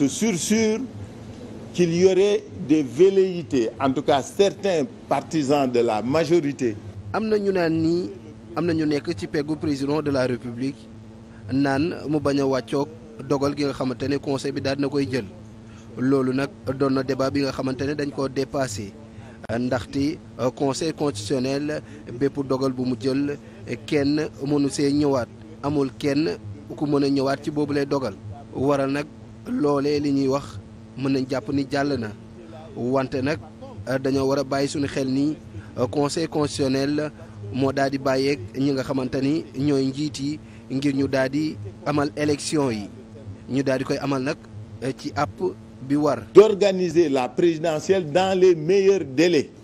ce sur-sûr qu'il y aurait des velléités en tout cas certains partisans de la majorité. am na ñu naan nii am na ñu nekk ci peggu président de la république naan mu bañ a dogal gi nga xamante ne conseil bi daal na koy jël loolu nag doon na débat bi nga xamante ne dañ koo dépassé ndaxti euh, conseil constitutionnel bépp dogal bu mu jël kenn mënu see ñëwaat amul kenn ku mën a ñëwaat ci boobu lay dogal waral nag. loole li ñuy wax mën nañ jàpp ni jàll na wante nag euh, dañoo war a bàyyi suñu xel ni euh, conseil constitutionnel moo daal di bàyyeeg ñi nga xamante ni ñooy njiit yi ngir ñu daal di amal élection yi ñu daal di koy amal nag euh, ci àpp bi war. d'organiser la présidentielle dans les meilleurs délais.